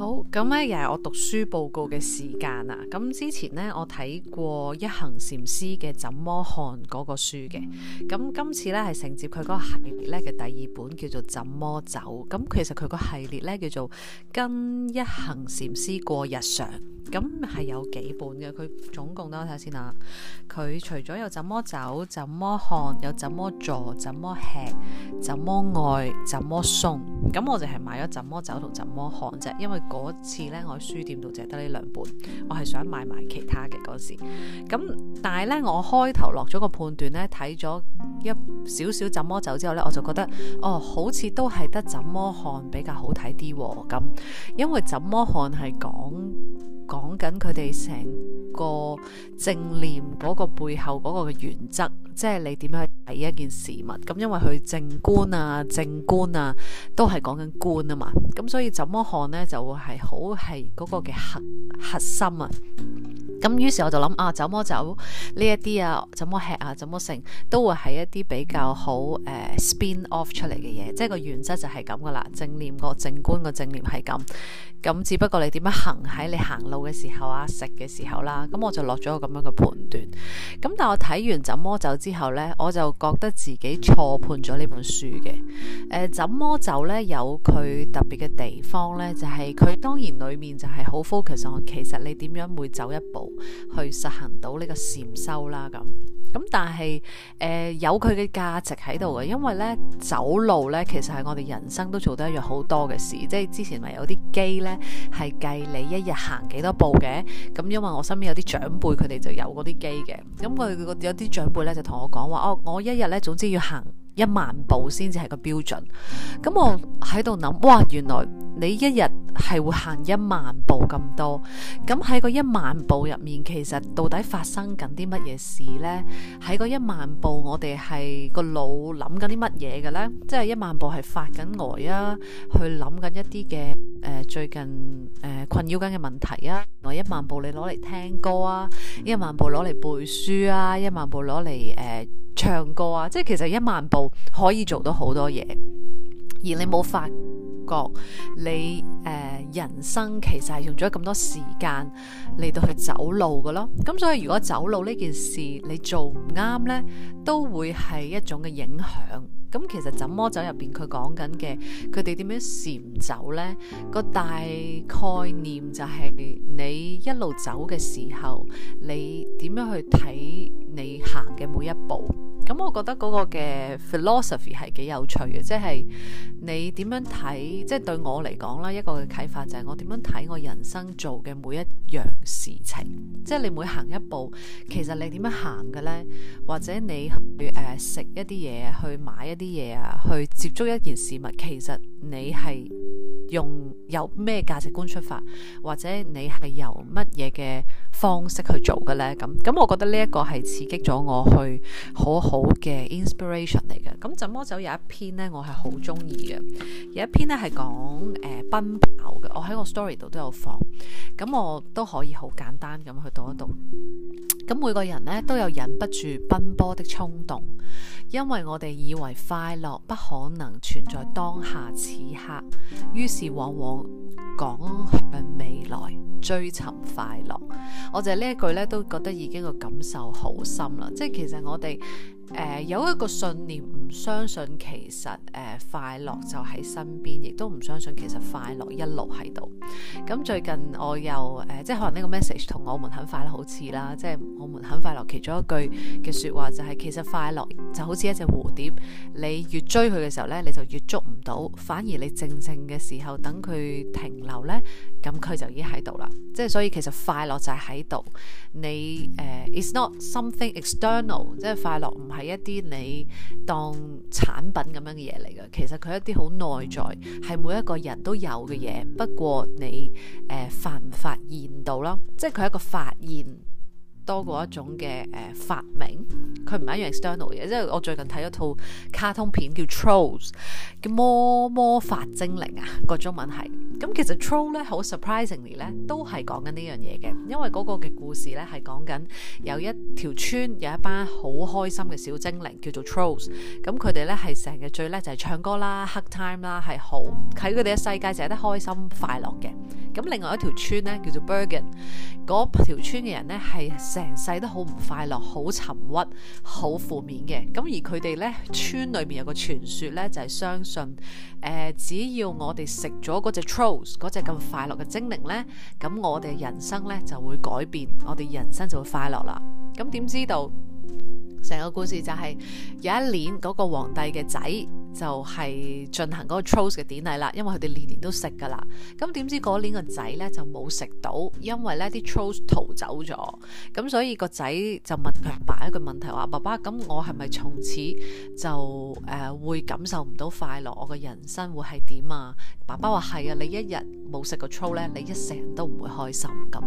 好，咁咧又係我讀書報告嘅時間啦。咁之前咧我睇過一行禪師嘅《怎麼看》嗰、那個書嘅，咁今次咧係承接佢嗰個系列咧嘅第二本，叫做《怎麼走》。咁其實佢個系列咧叫做《跟一行禪師過日常》。咁係有幾本嘅，佢總共咧，我睇下先啦。佢除咗有怎麼走、怎麼看、又怎麼坐、怎麼吃、怎麼愛、怎麼鬆，咁我就係買咗怎麼走同怎麼看啫。因為嗰次呢，我喺書店度淨係得呢兩本，我係想買埋其他嘅嗰時。咁但係呢，我開頭落咗個判斷呢，睇咗一少少怎麼走之後呢，我就覺得哦，好似都係得怎麼看比較好睇啲喎。咁因為怎麼看係講。講緊佢哋成個正念個背後個嘅原則，即係你點樣去睇一件事物咁，因為佢正觀啊、正觀啊，都係講緊觀啊嘛。咁所以怎麼看咧，就會係好係個嘅核核心啊。咁於是我就諗啊，怎麼走呢一啲啊，怎麼吃啊，怎麼食都會係一啲比較好誒、呃、spin off 出嚟嘅嘢，即係個原則就係咁噶啦。正念個正觀個正念係咁，咁只不過你點樣行喺你行路。嘅時候啊，食嘅時候啦、啊，咁我就落咗個咁樣嘅判斷。咁但係我睇完《怎麼走》之後咧，我就覺得自己錯判咗呢本書嘅。誒、呃，怎麼走呢《怎麼走》咧有佢特別嘅地方咧，就係、是，佢當然裏面就係好 focus 喺，其實你點樣會走一步去實行到呢個禪修啦。咁咁但係誒、呃、有佢嘅價值喺度嘅，因為咧走路咧其實係我哋人生都做得一樣好多嘅事。即係之前咪有啲機咧係計你一日行幾多。一步嘅咁，因為我身邊有啲長輩，佢哋就有嗰啲機嘅。咁佢有啲長輩咧，就同我講話哦，我一日咧，總之要行一萬步先至係個標準，咁我喺度諗，哇，原來你一日係會行一萬步咁多，咁喺個一萬步入面，其實到底發生緊啲乜嘢事呢？喺個一萬步，我哋係個腦諗緊啲乜嘢嘅呢？即係一萬步係發緊呆啊，去諗緊一啲嘅誒最近誒、呃、困擾緊嘅問題啊，或一萬步你攞嚟聽歌啊，一萬步攞嚟背書啊，一萬步攞嚟誒。呃唱歌啊，即係其實一萬步可以做到好多嘢，而你冇發覺你誒、呃、人生其實係用咗咁多時間嚟到去走路嘅咯。咁、嗯、所以如果走路呢件事你做唔啱呢，都會係一種嘅影響。咁、嗯、其實怎麼走入邊佢講緊嘅，佢哋點樣禪走呢？個大概念就係你一路走嘅時候，你點樣去睇你行嘅每一步。咁我覺得嗰個嘅 philosophy 係幾有趣嘅，即係你點樣睇，即係對我嚟講啦，一個嘅啟發就係我點樣睇我人生做嘅每一樣事情，即係你每行一步，其實你點樣行嘅呢？或者你去誒食一啲嘢，去買一啲嘢啊，去接觸一件事物，其實你係，用有咩價值觀出發，或者你係由乜嘢嘅方式去做嘅咧？咁，咁，我覺得呢一個係刺激咗我去好好嘅 inspiration 嚟嘅。咁怎麼走有一篇咧？我係好中意嘅，有一篇咧係講誒奔跑。呃我喺我 story 度都有放，咁我都可以好簡單咁去讀一讀。咁每個人呢都有忍不住奔波的衝動，因為我哋以為快樂不可能存在當下此刻，於是往往趕向未來追尋快樂。我就呢一句咧都覺得已經個感受好深啦，即係其實我哋。誒、呃、有一個信念唔相信，其實、呃、快樂就喺身邊，亦都唔相信其實快樂一路喺度。咁最近我又、呃、即係可能呢個 message 同我們很快樂好似啦，即係我們很快樂其中一句嘅說話就係、是，其實快樂就好似一隻蝴蝶，你越追佢嘅時候咧，你就越捉唔到，反而你靜靜嘅時候等佢停留咧，咁佢就已經喺度啦。即係所以其實快樂就係喺度，你、呃、it's not something external，即係快樂唔係。係一啲你當產品咁樣嘅嘢嚟嘅。其實佢一啲好內在，係每一個人都有嘅嘢，不過你誒、呃、發唔發現到咯，即係佢係一個發現，多過一種嘅誒、呃、發明，佢唔係一樣 external 嘅，即係我最近睇咗套卡通片叫 Trolls，叫魔魔法精靈啊，個中文係。咁其實 Troll 咧好 surprisingly 咧，都係講緊呢樣嘢嘅。因為嗰個嘅故事咧係講緊有一條村有一班好開心嘅小精靈叫做 Trolls，咁佢哋咧係成日最叻就係、是、唱歌啦、黑 time 啦，係好喺佢哋嘅世界就係得開心快樂嘅。咁另外一條村咧叫做 Bergen，嗰條村嘅人咧係成世都好唔快樂，好沉鬱，好負面嘅。咁而佢哋呢，村裏面有個傳說呢，就係、是、相信，呃，只要我哋食咗嗰隻 Trolls 嗰隻咁快樂嘅精靈呢，咁我哋人生呢就會改變，我哋人生就會快樂啦。咁點知道？成個故事就係、是、有一年、嗰個皇帝嘅仔就係進行個 trous 嘅典禮啦，因為佢哋年年都食噶啦。咁點知嗰年、嗰個仔咧就冇食到，因為咧啲 trous 逃走咗。咁所以、嗰個仔就問佢爸一個問題：話，爸爸，咁我係咪從此就誒、呃、會感受唔到快樂？我嘅人生會係點啊？爸爸話係啊，你一日冇食個 trous 咧，你一成都唔會開心咁。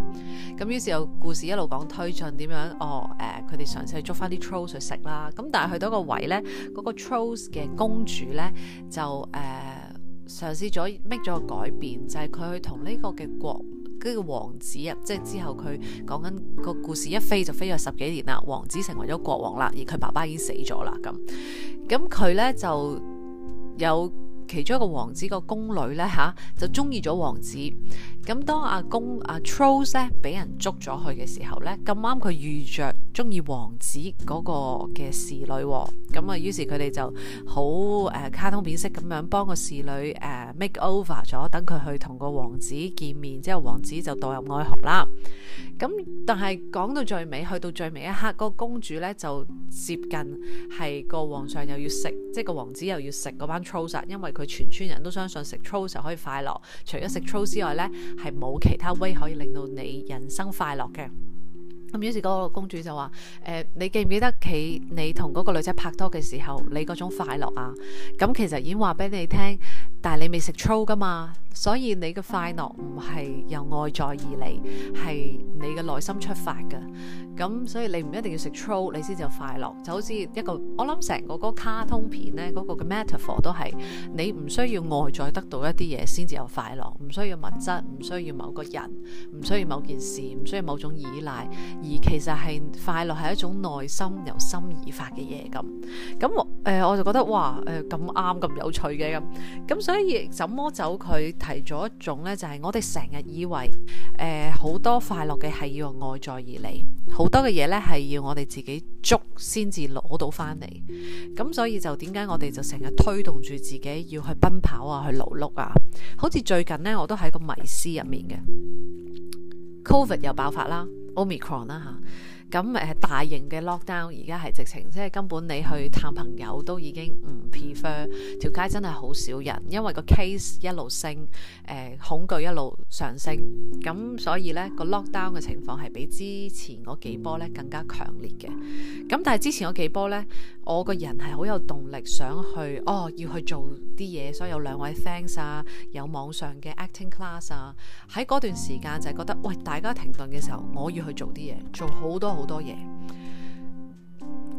咁於是有故事一路講推進，點樣？哦，誒、呃，佢哋嘗試捉翻啲 trous。去食啦，咁但係去到個位呢，嗰、那個 Charles 嘅公主呢，就誒嘗試咗 make 咗個改變，就係佢去同呢個嘅國、這個王子啊，即、就、係、是、之後佢講緊個故事一飛就飛咗十幾年啦，王子成為咗國王啦，而佢爸爸已經死咗啦，咁咁佢呢，就有其中一個王子個宮女呢，吓就中意咗王子。咁當阿公阿 Trolls 咧俾人捉咗去嘅時候咧，咁啱佢遇着中意王子嗰個嘅侍女、哦，咁啊於是佢哋就好、呃、卡通片式咁樣幫個侍女、呃、make over 咗，等佢去同個王子見面，之後王子就墮入愛河啦。咁但係講到最尾，去到最尾一刻，個公主咧就接近係個皇上又要食，即係個王子又要食嗰班 Trolls 因為佢全村人都相信食 Trolls 就可以快樂。除咗食 Trolls 之外咧。係冇其他 way 可以令到你人生快樂嘅。咁於是嗰個公主就話：誒、呃，你記唔記得企你同嗰個女仔拍拖嘅時候，你嗰種快樂啊？咁其實已經話俾你聽。但係你未食 chow 噶嘛，所以你嘅快樂唔係由外在而嚟，係你嘅內心出發嘅。咁所以你唔一定要食 chow，你先至有快樂。就好似一個，我諗成個嗰個卡通片咧，嗰個嘅 metaphor 都係你唔需要外在得到一啲嘢先至有快樂，唔需要物質，唔需要某個人，唔需要某件事，唔需要某種依賴，而其實係快樂係一種內心由心而發嘅嘢。咁咁，誒我就覺得哇，誒咁啱咁有趣嘅，咁，咁所。所以，怎麼走佢提咗一種呢，就係、是、我哋成日以為誒好、呃、多快樂嘅係要外在而嚟，好多嘅嘢呢係要我哋自己捉先至攞到返嚟。咁所以就點解我哋就成日推動住自己要去奔跑啊，去勞碌啊？好似最近呢，我都喺個迷思入面嘅，COVID 又爆發啦，Omicron 啦吓。咁誒大型嘅 lockdown 而家係直情，即係根本你去探朋友都已經唔 prefer，條街真係好少人，因為個 case 一路升，誒、呃、恐懼一路上升，咁所以咧個 lockdown 嘅情況係比之前嗰幾波咧更加強烈嘅。咁但係之前嗰幾波咧，我個人係好有動力想去，哦要去做啲嘢，所以有兩位 fans 啊，有網上嘅 acting class 啊，喺嗰段時間就係覺得，喂大家停頓嘅時候，我要去做啲嘢，做好多好。好多嘢，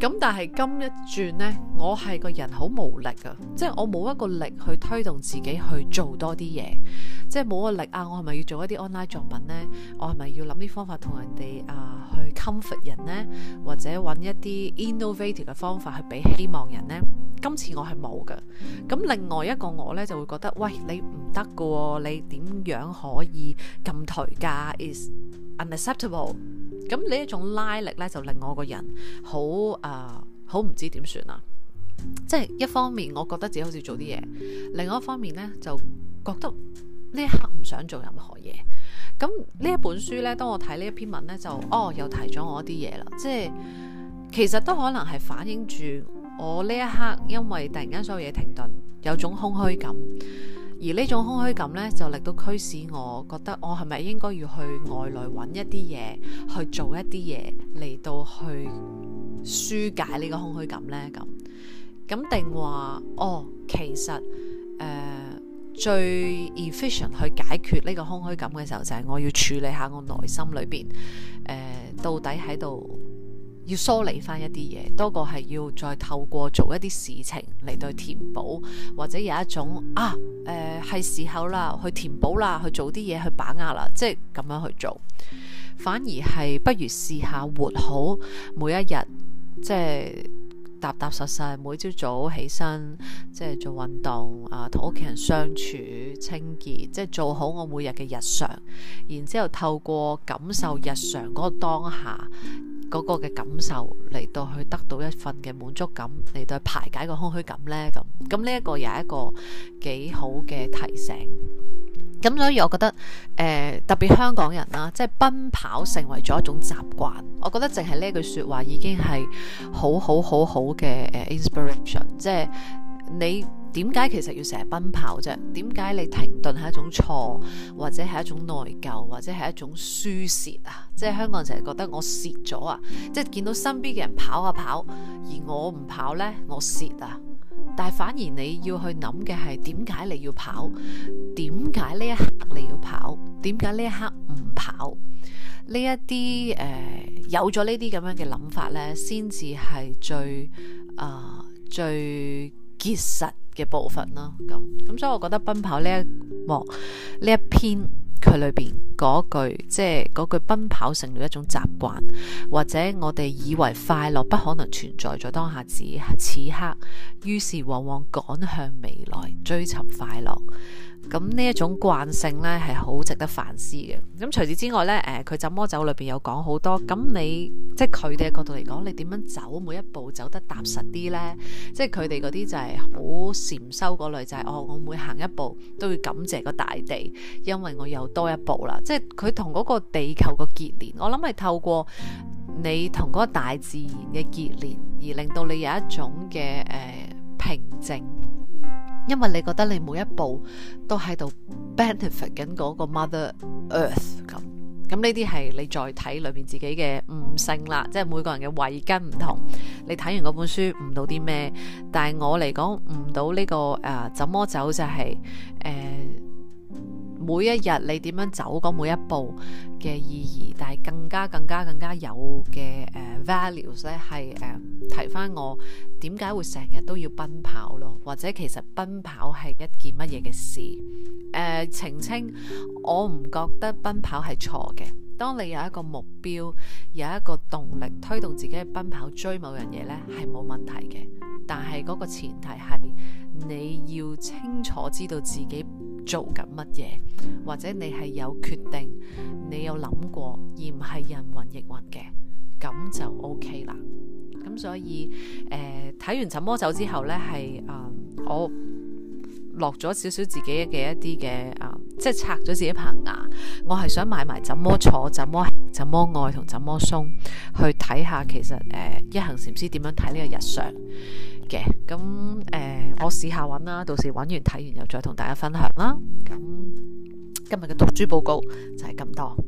咁但係今一轉呢，我係個人好無力啊，即係我冇一個力去推動自己去做多啲嘢，即係冇個力啊！我係咪要做一啲 online 作品呢？我係咪要諗啲方法同人哋啊去 comfort 人呢？或者搵一啲 innovative 嘅方法去俾希望人呢？今次我係冇噶，咁另外一個我呢，就會覺得，喂，你唔得噶，你點樣可以咁頹噶？Is unacceptable。咁呢一種拉力咧，就令我個人好誒，好唔知點算啊！即係一方面，我覺得自己好似做啲嘢，另外一方面呢，就覺得呢一刻唔想做任何嘢。咁呢一本書呢，當我睇呢一篇文呢，就哦，又提咗我一啲嘢啦。即係其實都可能係反映住我呢一刻，因為突然間所有嘢停頓，有種空虛感。而呢種空虛感呢，就令到驅使我覺得我係咪應該要去外來揾一啲嘢去做一啲嘢嚟到去舒解呢個空虛感呢？咁咁定話哦，其實、呃、最 efficient 去解決呢個空虛感嘅時候，就係、是、我要處理下我內心裏面、呃、到底喺度。要梳理翻一啲嘢，多過係要再透過做一啲事情嚟對填補，或者有一種啊，誒、呃、係時候啦，去填補啦，去做啲嘢去把握啦，即係咁樣去做，反而係不如試下活好每一日，即係踏踏實實每朝早起身，即係做運動啊，同屋企人相處、清潔，即係做好我每日嘅日常，然之後透過感受日常嗰個當下。嗰個嘅感受嚟到去得到一份嘅滿足感，嚟到排解個空虛感呢。咁，咁呢一個又係一個幾好嘅提醒。咁所以，我覺得誒、呃、特別香港人啦、啊，即係奔跑成為咗一種習慣。我覺得淨係呢句説話已經係好好好好嘅 inspiration，即係你。點解其實要成日奔跑啫？點解你停頓係一種錯，或者係一種內疚，或者係一種輸蝕啊？即係香港成日覺得我蝕咗啊！即係見到身邊嘅人跑啊跑，而我唔跑呢，我蝕啊！但係反而你要去諗嘅係點解你要跑？點解呢一刻你要跑？點解呢一刻唔跑？呢一啲誒有咗呢啲咁樣嘅諗法呢，先至係最啊，呃，最結實。嘅部分啦，咁咁，所以我覺得奔跑呢一幕呢一篇佢裏邊嗰句，即係嗰句奔跑成了一種習慣，或者我哋以為快樂不可能存在在當下，只此刻，於是往往趕向未來追尋快樂。咁呢一種慣性呢係好值得反思嘅。咁除此之外呢，佢、呃、怎麼走裏面有講好多。咁你即係佢哋嘅角度嚟講，你點樣走每一步走得踏實啲呢？即係佢哋嗰啲就係好禪修嗰類，就係、是、哦，我每行一步都要感謝個大地，因為我又多一步啦。即係佢同嗰個地球個結連，我諗係透過你同嗰個大自然嘅結連，而令到你有一種嘅、呃、平靜。因為你覺得你每一步都喺度 benefit 緊嗰個 Mother Earth 咁，咁呢啲係你再睇裏面自己嘅悟性啦，即係每個人嘅慧根唔同，你睇完嗰本書悟到啲咩？但係我嚟講悟到呢個誒，怎麼走就係誒。呃每一日你點樣走過每一步嘅意義，但係更加更加更加有嘅、誒、呃、values 咧，係、呃、誒提翻我點解會成日都要奔跑咯，或者其實奔跑係一件乜嘢嘅事？誒、呃，澄清，我唔覺得奔跑係錯嘅。當你有一個目標，有一個動力推動自己去奔跑追某樣嘢呢，係冇問題嘅。但係嗰個前提係你要清楚知道自己。做緊乜嘢，或者你係有決定，你有諗過而唔係人云亦云嘅，咁就 OK 啦。咁所以誒睇、呃、完《怎麼走》之後呢，係、呃、我落咗少少自己嘅一啲嘅、呃、即係拆咗自己棚牙，牙，我係想買埋《怎麼坐》《怎麼怎麼愛》同《怎麼鬆》去睇下，其實誒、呃、一行禪師點樣睇呢個日常。咁誒、呃，我試下搵啦，到時搵完睇完又再同大家分享啦。咁今日嘅讀書報告就係咁多。